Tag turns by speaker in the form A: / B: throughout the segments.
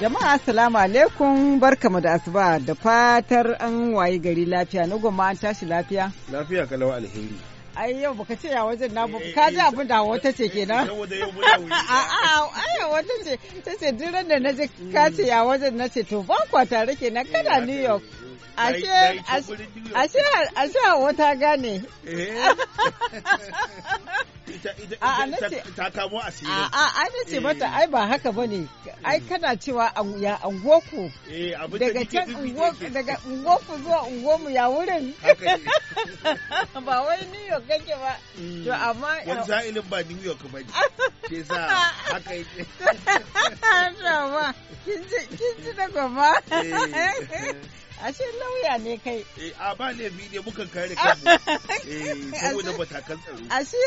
A: Jama'a Assalamu alaikum barkamu da asuba da fatar an waye gari lafiya na goma an tashi lafiya.
B: Lafiya kalawa alheri.
A: Ai yau baka ce ya wajen na ba ka ji abin da wata ce kenan.
B: A'a
A: ai wata ce ta ce duk ran da na je ka ce ya wajen na ce to ba kwa tare kenan kana New York. Ashe
C: ashe
A: ashe wata gane. Eh. ta kamo asiri
B: a'a ai nace mata eh.
A: ai ba haka bane ai mm. kana cewa ya angoku eh, daga can ungoku daga ungoku zuwa ungomu ya wurin ba wai New York kake ba mm. to amma wani sa'ilin
B: ba New York ba ke sa haka yake to ba kin ji da gaba A ce lauya ne kai eh a ba ne bi ne mukan kare kanmu eh saboda kan tsaro
A: ashe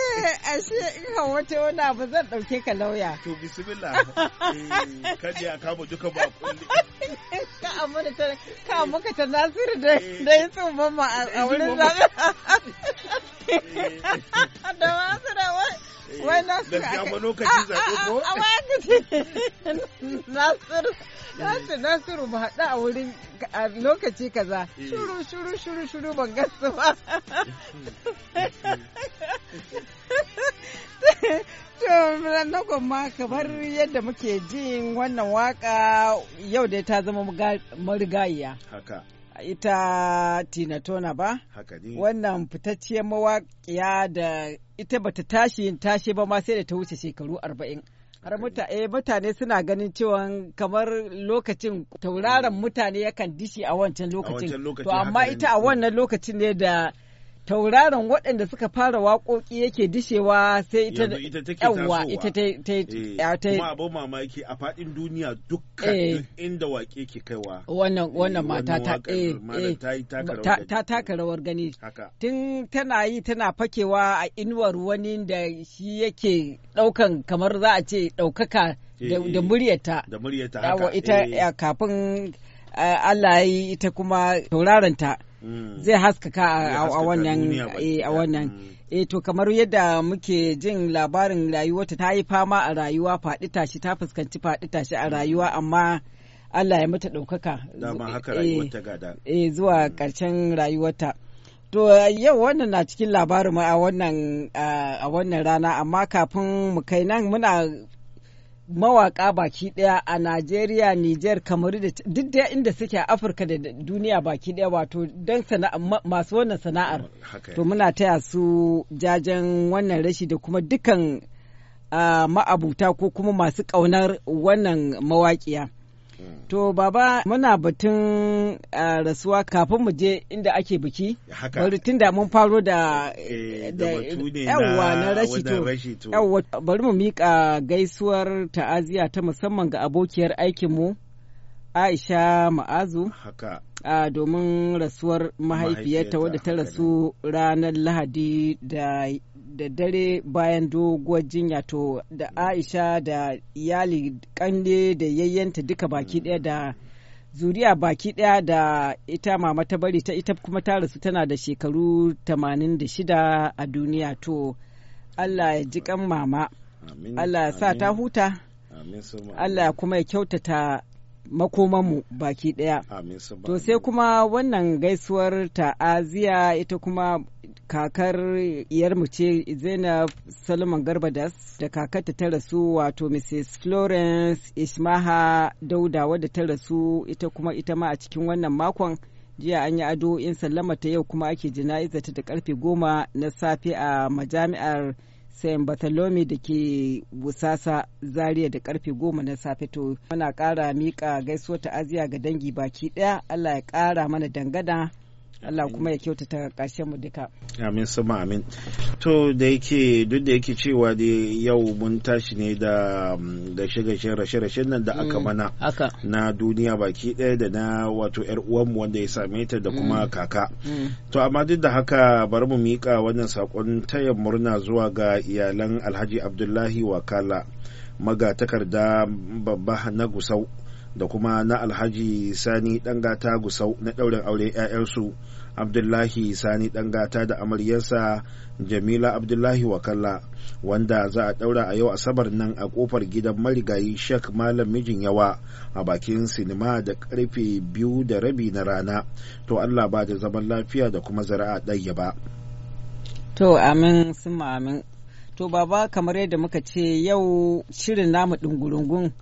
A: ashe in ka wata wani abu zan dauke ka lauya to bismillah
B: eh a kama duka ba kulli
C: ka amma ta, ka amma ka da eh. da tsohon mamma a wurin zaka da wasu da wasu. wai nasiru a kai a a ko a waya nasiru
A: nasiru nasiru mu haɗu a wurin a lokaci kaza eh. shuru shuru shuru shuru ban gasu ba na gwamma kamar yadda muke jin wannan waka yau dai ta zama marigayiya haka ita Tina Tona ba? Wannan fitacciyar mawaƙiya da ita bata tashi yin tashi ba ma sai da ta wuce shekaru arba'in. Har eh, mutane suna ganin cewa kamar lokacin tauraron mutane yakan dishi a wancan lokacin. To amma ita a wannan lokacin ne da tauraron waɗanda suka fara waƙoƙi yake dishewa sai ita da ita take ta
B: ta eh, kuma abu mamaki a faɗin duniya dukkan eh. inda waƙe ke kaiwa
A: wannan wannan mata ta eh, ta taka rawar gani tun tana yi tana fakewa a inuwar wani da shi yake ɗaukan kamar za a ce ɗaukaka da muryarta da muryarta haka ita kafin Allah ya yi ita kuma tauraron ta Mm. zai haskaka a wannan eh, a wannan mm. eh to kamar yadda muke jin labarin rayuwarta ta yi fama a rayuwa faɗi tashi ta fuskanci faɗi tashi a mm. rayuwa amma Allah ya mata ɗaukaka
B: eh, eh,
A: eh zuwa ƙarshen rayuwarta to yau wannan na cikin labarin a a wannan rana amma kafin mu kai nan muna mawaka baki daya a Najeriya, Nijar, Kamaru da duk da inda suke a Afirka da duniya baki daya wato don masu wannan sana'ar. To muna taya su jajen wannan rashi da kuma dukan ah, ma'abuta ko kuma masu ƙaunar wannan mawaƙiya. Hmm. To baba muna batun rasuwa kafin mu je inda ake biki. Bari tun da mun faro da eh, yawwa na rashi to. Yawwa bari mu miƙa gaisuwar ta'aziya ta musamman ga abokiyar aikinmu Aisha Ma'azu. domin rasuwar mahaifiyarta wadda ta rasu ranar Lahadi da da dare bayan doguwar jinya to da aisha da iyali kande da yayyanta duka baki daya da zuriya baki daya da ita mama ta bari ta ita kuma ta rasu tana da shekaru 86 a duniya to allah ya ji kan mama
B: allah ya sa ta
A: huta allah kuma ya kyautata makomanmu baki daya to sai kuma wannan gaisuwar ta'aziya ita kuma kakar iyarmu ce zainab solomon garbadas da kakarta ta rasu wato mrs florence ismaha dauda wadda ta rasu ita kuma ita ma a cikin wannan makon jiya an yi ado in sallama ta yau kuma ake jana'iza ta da karfe goma na safe a majami'ar sayan bartholomew da ke busasa zaria da karfe goma na safe to muna kara mika gaisuwar aziya ga dangi baki daya allah ya kara mana dangada. Allah kuma ya kyautata ƙarshen mu duka
B: amin sama amin to da yake duk da yake cewa da yau mun tashi ne da um, gashe gashe rashe rashe nan da aka mm, mana na duniya baki ɗaya da na wato yar uwanmu wanda ya same ta da kuma mm, kaka mm. to amma duk da haka bari mu miƙa wannan saƙon tayar murna zuwa ga iyalan Alhaji Abdullahi Wakala magatakarda babba na Gusau da kuma na alhaji sani dangata gusau na ɗaurin aure 'ya'yansu abdullahi sani dangata da amaryarsa jamila abdullahi wakalla wanda za a ɗaura a yau asabar nan a kofar gidan marigayi shek malam mijin yawa a bakin sinima da karfe biyu da rabi na rana to allah ba da zaman lafiya da kuma zara'a ɗaya ba
A: to amin sun amin to baba kamar yadda muka ce yau shirin namu ɗungurungun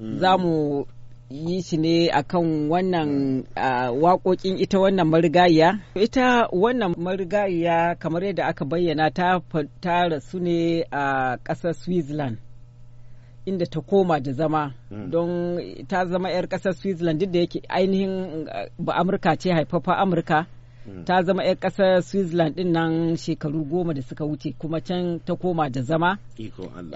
A: mm. za mu yi shi ne akan wannan waƙoƙin ita wannan marigayya. ita wannan marigayya kamar yadda aka bayyana ta rasu ne a ƙasar switzerland inda ta koma da zama hmm. don ta zama 'yar ƙasar switzerland duk da yake ainihin ba amurka ce haifafa amurka hmm. ta zama 'yar ƙasar switzerland din nan shekaru goma da suka wuce kuma can ta koma da zama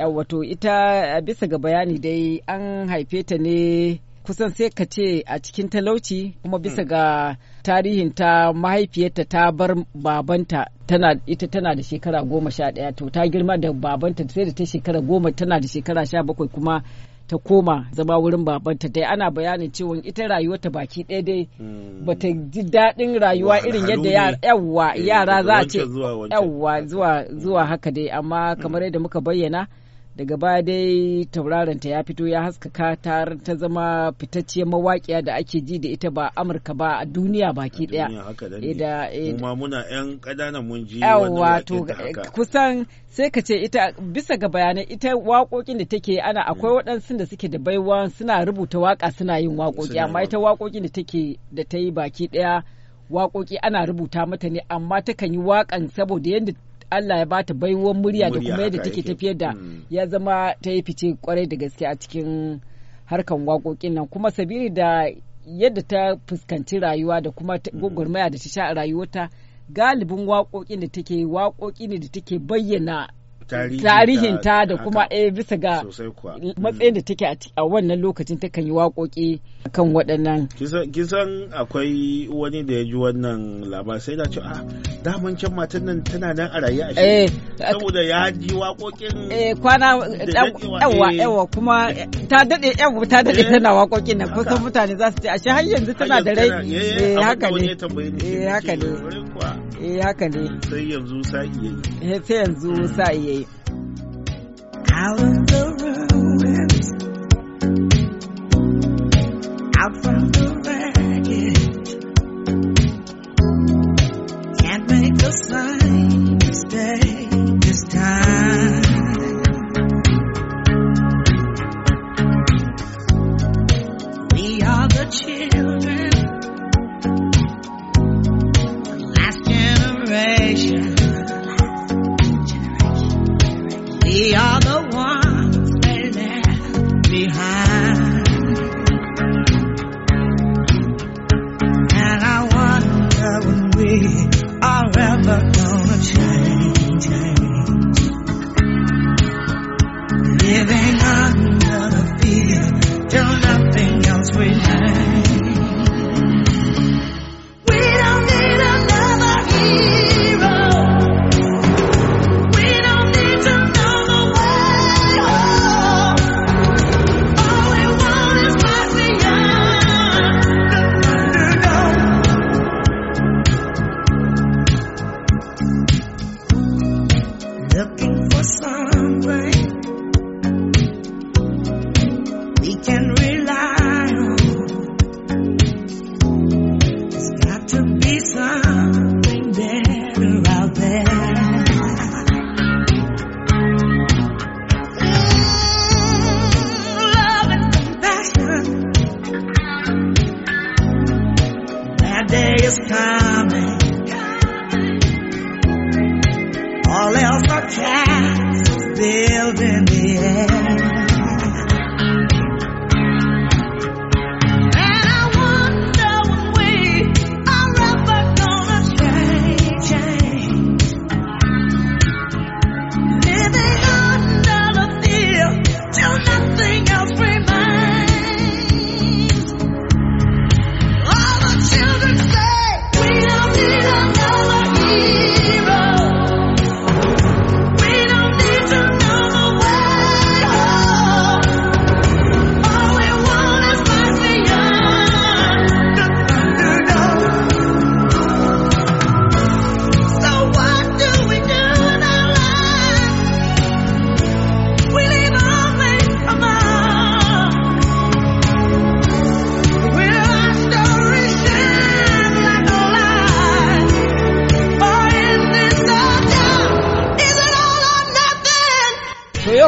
A: wato ita bisa ga bayani dai an haife ta ne kusan sai ka ce a cikin talauci kuma bisa mm. ga tarihin ta mahaifiyarta ta bar babanta tana ita tana da shekara goma sha ɗaya to ta girma da babanta sai da ta shekara goma tana da shekara sha bakwai kuma ta koma zama wurin babanta dai ana bayanin cewa ita rayuwarta baki ɗaya dai mm. bata ji daɗin rayuwa irin yadda yawwa eh, yara za a ce yawwa zuwa mm. haka dai amma kamar yadda muka bayyana daga baya dai tauraron ta ya fito ya haskaka ta ta zama fitacciyar mawaƙiya da ake ji da ita ba amurka ba a duniya baki daya
B: da kuma eh, muna yan ƙadanan mun ji wato
A: kusan sai ka ce ita bisa ga bayanai ita waƙoƙin da take ana akwai mm. waɗansu da suke da baiwa suna rubuta waka suna yin waƙoƙi amma ita waƙoƙin da take da ta yi baki daya waƙoƙi ana rubuta mata ne amma takan yi wakan saboda yadda Allah ya bata baiwar murya da kuma yadda take tafiyar da hmm. ya zama ta yi fice kwarai da gaske a cikin harkan waƙoƙin nan kuma sabiri da yadda ta fuskanci rayuwa da kuma hmm. gwagwarmaya da ta sha a rayuwarta galibin waƙoƙin da take waƙoƙi ne da take bayyana
B: Tarihin ta da kuma
A: eh bisa ga matsayin da
B: take a wannan lokacin ta kan yi waƙoƙi kan waɗannan kisan akwai wani da ya ji wannan labar sai da ce a ah, daman can matan nan tana nan a raye a eh,
A: saboda ya ji waƙoƙin eh kwana yawa eh, yawa kuma ta dade yawa ta dade eh, tana waƙoƙin nan kusan mutane za su ce shi har yanzu tana da rai eh haka ne eh haka ne eh haka ne sai yanzu sa iya yi eh, sai yanzu sa iya yi
C: time is coming. All else are castles built in the air.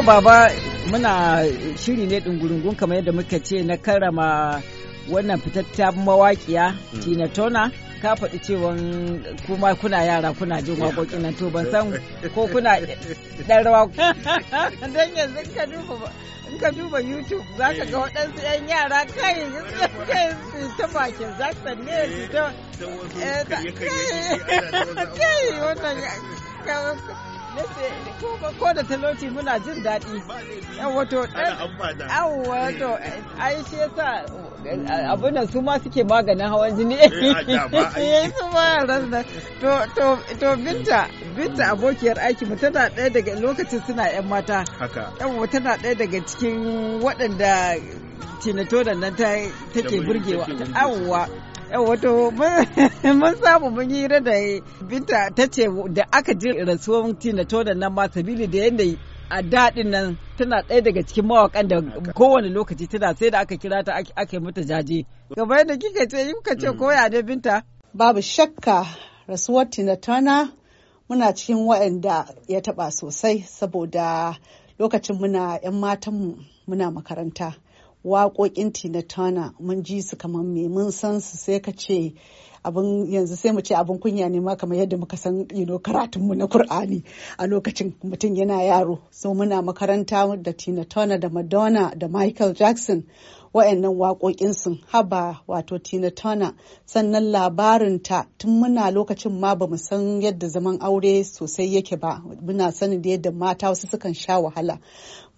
A: yau baba muna shiri ne ɗungurungun kamar yadda muka ce na karama wannan fitattun mawaƙiya mm. Tina tona ka faɗi cewa kuma kuna yara kuna jin waƙoƙin nan to ban san ko kuna ɗan rawa don yanzu ka duba in ka duba YouTube za ka ga waɗansu 'yan yara kai kai su ta bakin za ka ne su ta eh, kai wannan ko da talauci muna jin daɗi yan wato yan wato ai shi yasa abunan su ma suke maganin hawan jini eh, eh, su ma rasa to to binta binta abokiyar aiki mu tana ɗaya daga lokacin suna yan mata haka yan tana ɗaya daga cikin waɗanda cinatodan nan take burgewa awwa wato mun samu mun yi hira da binta ta ce da aka ji rasuwar tina tonan nan ma sabili da yadda a daɗin nan tana ɗaya daga cikin mawakan da kowane lokaci tana sai da aka kira ta ake mata jaje gaba yadda kika ce yi kuka ce mm. koya ne binta
D: babu shakka rasuwar tina tana muna cikin waɗanda ya taɓa sosai saboda lokacin muna 'yan matanmu muna makaranta waƙoƙin Tina Turner mun ji su kamar me mun san su sai ka ce abin yanzu sai mu ce abin kunya ne ma kamar yadda muka san you karatun mu na Kur'ani a lokacin mutum yana yaro so muna makaranta da Tina Turner da Madonna da Michael Jackson wa'annan waƙoƙin sun haba wato Tina Turner sannan ta tun muna lokacin ma bamu san yadda zaman aure sosai yake ba muna sanin da yadda mata wasu sukan sha wahala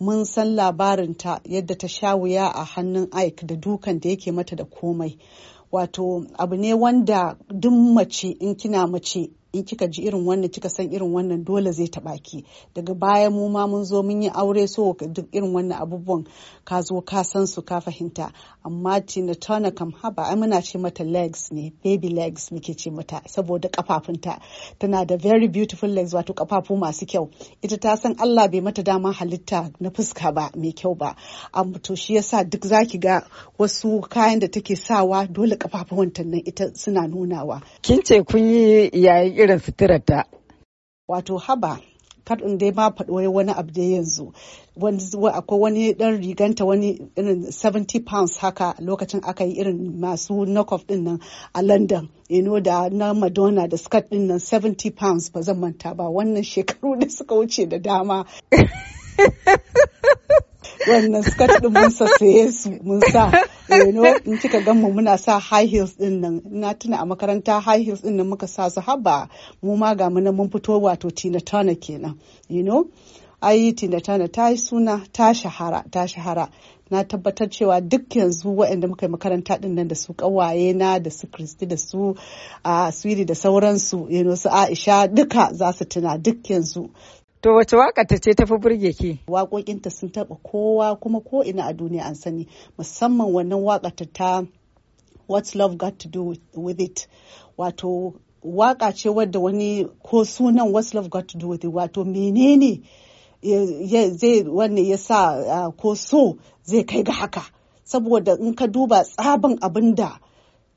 D: mun san labarinta yadda ta sha wuya a hannun Ike da dukan da yake mata da komai. Wato abu ne wanda duk mace in kina mace in kika ji irin wannan kika san irin wannan dole zai taba ki daga baya mu ma mun zo mun yi aure so duk irin wannan abubuwan ka zo ka san su ka fahimta amma Tina Turner kam haba ai muna ce mata legs ne baby legs muke ce mata saboda kafafunta tana da very beautiful legs wato kafafu masu kyau ita ta san Allah bai mata dama halitta na fuska ba mai kyau ba amma to shi yasa duk zaki ga wasu kayan da take sawa dole kafafuwan nan ita suna nunawa kin ce kun yi yayi irin suturarta. Wato haba kar dai ma faɗo wani abu da yanzu akwai wani ɗan riganta wani irin 70 pounds haka lokacin aka yi irin masu knockoff din nan a london ino da na madonna da skirt din nan 70 pounds ba zan manta ba wannan shekaru da suka wuce da dama wannan skirt din mun saye su mun sa you eh, know in kika gan mu muna sa high heels din nan na tuna a makaranta high heels din nan muka sa su haba mu ma ga mu mun fito wato Tina Turner kenan you know ai Tina Turner ta yi suna ta shahara ta shahara na tabbatar cewa duk yanzu waɗanda muka yi makaranta ɗin nan da su ƙawaye na da su kristi da su a ah, da sauransu yano su aisha duka za su tuna duk yanzu To wace waka ta ce tafi burge ki? Waƙoƙinta sun taɓa kowa kuma ko ina a duniya an sani musamman wannan waƙata ta What's Love Got to Do With It wato waƙa ce wadda wani ko sunan What's Love Got to Do With It wato menene zai wanne ya sa ah, ko so zai kai ga haka saboda in ka duba tsabin abin da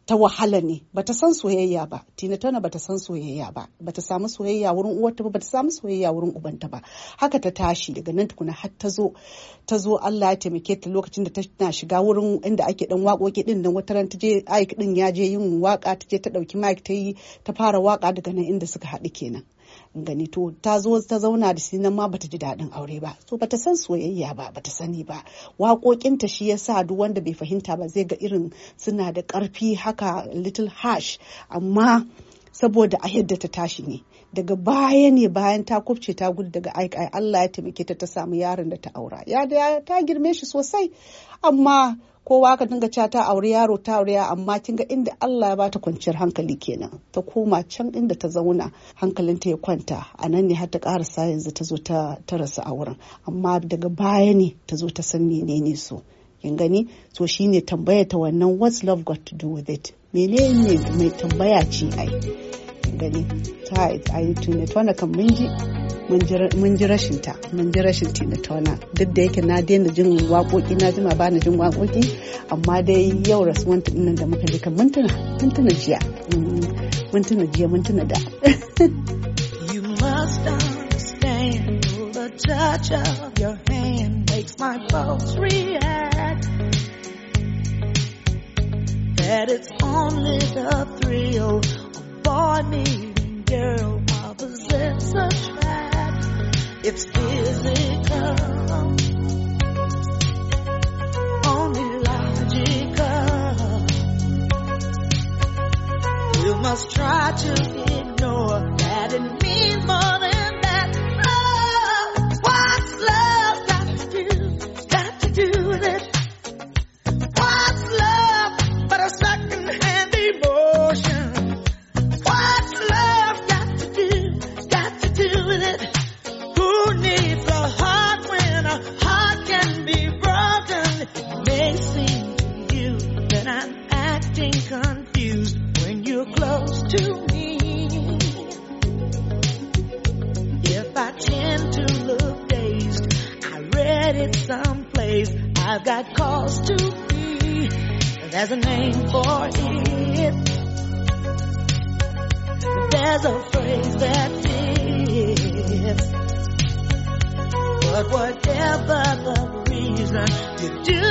D: ta wahala ne bata san soyayya ba tina tana bata san soyayya ba bata samu soyayya wurin uwarta ba bata samu soyayya wurin ubanta ba haka ta tashi daga nan tukuna har ta zo ta zo Allah ya taimake ta lokacin da tana shiga wurin inda ake dan wakoki din nan wata ran ta je din ya je yin waka ta je ta dauki mic ta yi ta fara waka daga nan inda suka haɗu kenan gani to ta zo ta zauna da shi nan ma bata ji daɗin aure ba so bata san soyayya ba bata sani ba waƙoƙinta shi yasa duk wanda bai fahimta ba zai ga irin suna da ƙarfi haka little harsh amma saboda a yadda ta tashi ne daga baya ne bayan ta kubce ta gudu daga aikai Allah ya taimake ta ta samu yaron da ta aura ya ta girme shi sosai amma kowa ka dinga cewa ta aure yaro ta aure amma kin ga inda Allah ya bata kwanciyar hankali kenan ta koma can inda ta zauna hankalinta ya kwanta a nan ne har ta karasa yanzu ta zo ta rasa auren amma daga baya ne ta zo ta san menene so kin gani so shine tambaya ta wannan what's love got to do with it menene mai tambaya ce ai gani kan mun ji mun ji rashin ta mun ji rashin duk da yake na daina jin waƙoƙi na jima ba na jin waƙoƙi amma dai yau rasuwan da muka ji kan jiya jiya da
C: you must understand the touch of your hand makes my pulse react that it's only the thrill boy meeting girl represents a trap. It's physical. Only logical. You must try to ignore that it means more. You do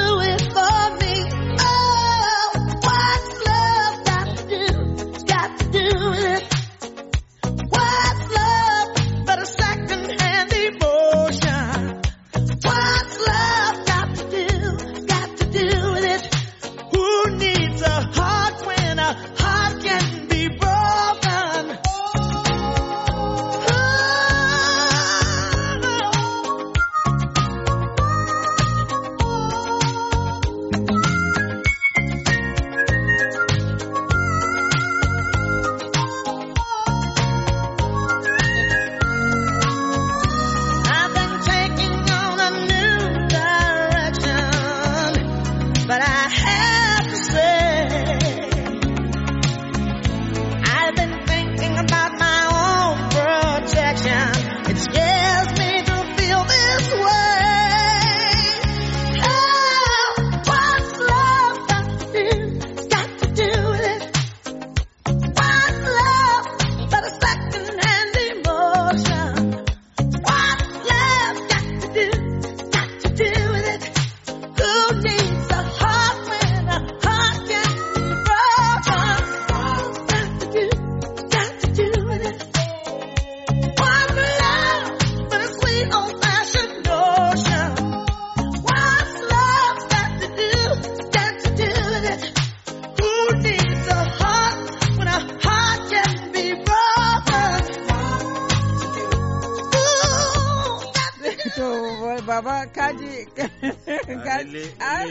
C: lalle ah,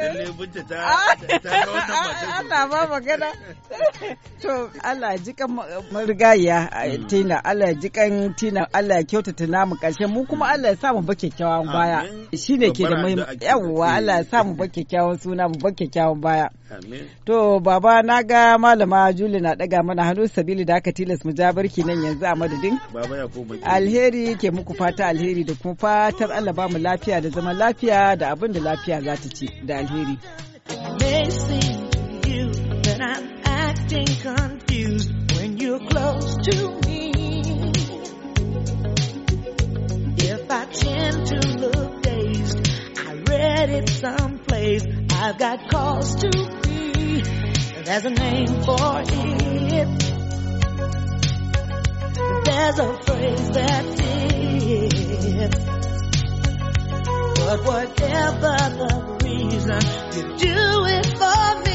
C: ah, ah, binta ta ta wannan mata Allah ba magana to
A: Allah ji kan marigaya mm. tina Allah ji kan tina Allah kyautata namu karshe mu kuma mm. Allah ya sa mu ba kyakkyawan baya shine ke da muhimmanci yawwa Allah ya sa ba kyakkyawan suna mu ba kyakkyawan baya To baba na ga malama Juli na daga mana hannu sabili da aka tilas mu ja barki nan yanzu a madadin. Baba ya Alheri ke muku fata alheri da kuma fatar Allah ba mu lafiya da zaman lafiya da abin da lafiya za ta ci
C: da alheri. If I tend to look dazed, I read it someplace. I've got cause to be. There's a name for it. There's a phrase that fits. But whatever the reason, you do it for me.